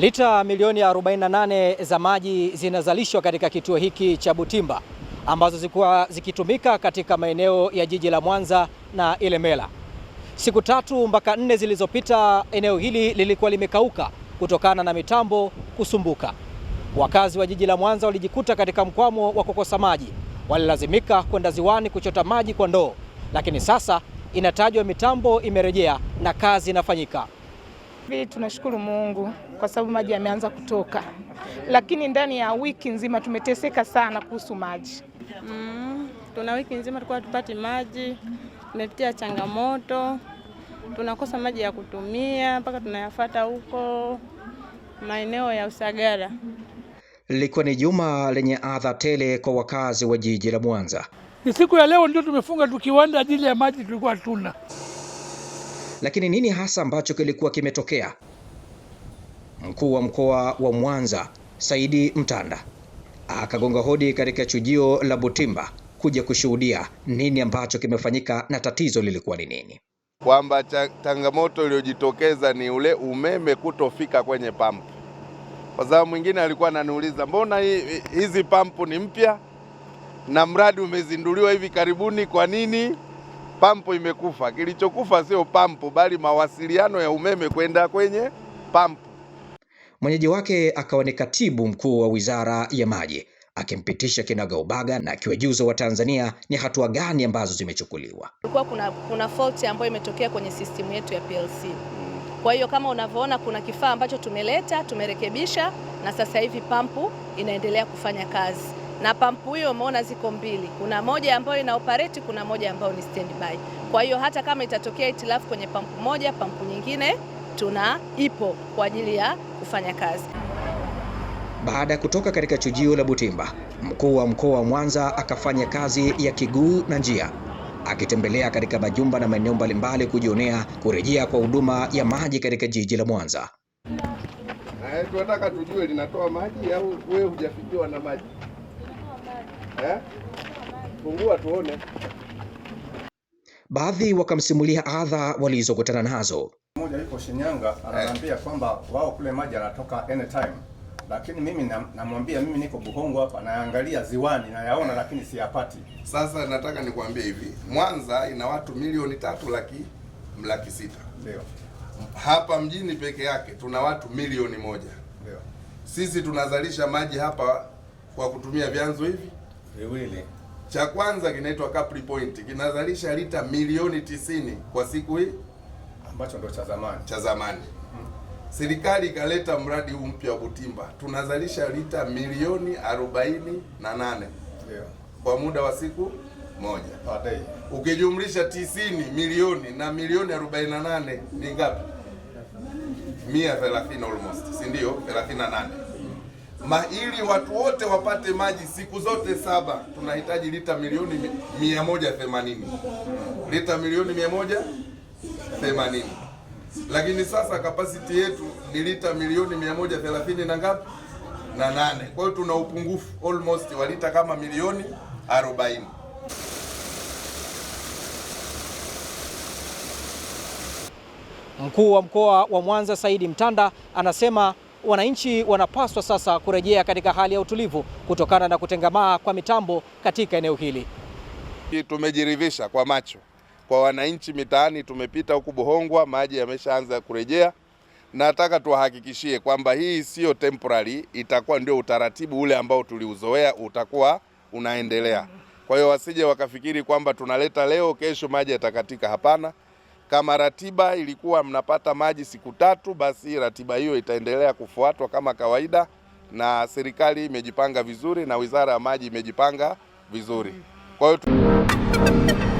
Lita milioni 48 za maji zinazalishwa katika kituo hiki cha Butimba ambazo zilikuwa zikitumika katika maeneo ya jiji la Mwanza na Ilemela. Siku tatu mpaka nne zilizopita, eneo hili lilikuwa limekauka kutokana na mitambo kusumbuka. Wakazi wa jiji la Mwanza walijikuta katika mkwamo wa kukosa maji, walilazimika kwenda ziwani kuchota maji kwa ndoo, lakini sasa inatajwa mitambo imerejea na kazi inafanyika. Hivi tunashukuru Mungu kwa sababu maji yameanza kutoka, lakini ndani ya wiki nzima tumeteseka sana kuhusu maji mm, tuna wiki nzima tulikuwa tupati maji, tumepitia changamoto, tunakosa maji ya kutumia mpaka tunayafata huko maeneo ya Usagara. Lilikuwa ni juma lenye adha tele kwa wakazi wa jiji la Mwanza. Ni siku ya leo ndio tumefunga tukiwanda ajili ya maji tulikuwa tuna lakini nini hasa ambacho kilikuwa kimetokea? Mkuu wa mkoa wa Mwanza Saidi Mtanda akagonga hodi katika chujio la Butimba kuja kushuhudia nini ambacho kimefanyika na tatizo lilikuwa ni nini, kwamba changamoto iliyojitokeza ni ule umeme kutofika kwenye pampu. Kwa sababu mwingine alikuwa ananiuliza mbona hizi pampu ni mpya na mradi umezinduliwa hivi karibuni, kwa nini pampu imekufa. Kilichokufa sio pampu, bali mawasiliano ya umeme kwenda kwenye pampu. Mwenyeji wake akawa ni katibu mkuu wa wizara ya maji, akimpitisha kinagaubaga na akiwajuza Watanzania ni hatua gani ambazo zimechukuliwa. Kulikuwa kuna, kuna fault ambayo imetokea kwenye sistimu yetu ya PLC. Kwa hiyo kama unavyoona kuna kifaa ambacho tumeleta tumerekebisha, na sasa hivi pampu inaendelea kufanya kazi na pampu hiyo umeona ziko mbili, kuna moja ambayo ina operate, kuna moja ambayo ni standby. Kwa hiyo hata kama itatokea itilafu kwenye pampu moja, pampu nyingine tuna ipo kwa ajili ya kufanya kazi. Baada ya kutoka katika chujio la Butimba, mkuu wa mkoa wa Mwanza akafanya kazi ya kiguu na njia akitembelea katika majumba na maeneo mbalimbali kujionea kurejea kwa huduma ya maji katika jiji la Mwanza. Tunataka tujue linatoa maji au wewe hujafikiwa na maji? eh? Fungua tuone. Baadhi wakamsimulia adha walizokutana nazo. Mmoja yuko Shinyanga eh. anaambia kwamba wao kule maji anatoka anytime, lakini mimi namwambia mimi niko Buhongo hapa naangalia ziwani nayaona, lakini siyapati. Sasa nataka nikwambie hivi, Mwanza ina watu milioni tatu laki laki sita. Ndio. Hapa mjini peke yake tuna watu milioni moja. Ndio. Sisi tunazalisha maji hapa kwa kutumia vyanzo hivi viwili. Cha kwanza kinaitwa Capri Point, kinazalisha lita milioni tisini kwa siku hii, ambacho ndio cha zamani cha zamani hmm. Serikali ikaleta mradi huu mpya wa kutimba tunazalisha lita milioni arobaini na nane yeah. kwa muda wa siku moja Paday. Ukijumlisha tisini milioni na milioni arobaini na nane ni ngapi? mia thelathini almost, si ndio? thelathini na nane ili watu wote wapate maji siku zote saba, tunahitaji lita milioni mia moja themanini lita milioni mia moja themanini lakini sasa kapasiti yetu ni lita milioni mia moja thelathini na ngapi na nane. Kwa hiyo tuna upungufu almost wa lita kama milioni arobaini. Mkuu wa mkoa wa Mwanza Saidi Mtanda anasema wananchi wanapaswa sasa kurejea katika hali ya utulivu kutokana na kutengamaa kwa mitambo katika eneo hili. Tumejiridhisha kwa macho kwa wananchi mitaani, tumepita huku Buhongwa, maji yameshaanza kurejea. Nataka tuwahakikishie kwamba hii siyo temporary, itakuwa ndio utaratibu ule ambao tuliuzoea utakuwa unaendelea. Kwa hiyo wasije wakafikiri kwamba tunaleta leo, kesho maji yatakatika. Hapana. Kama ratiba ilikuwa mnapata maji siku tatu, basi ratiba hiyo itaendelea kufuatwa kama kawaida, na serikali imejipanga vizuri na wizara ya maji imejipanga vizuri. Kwa hiyo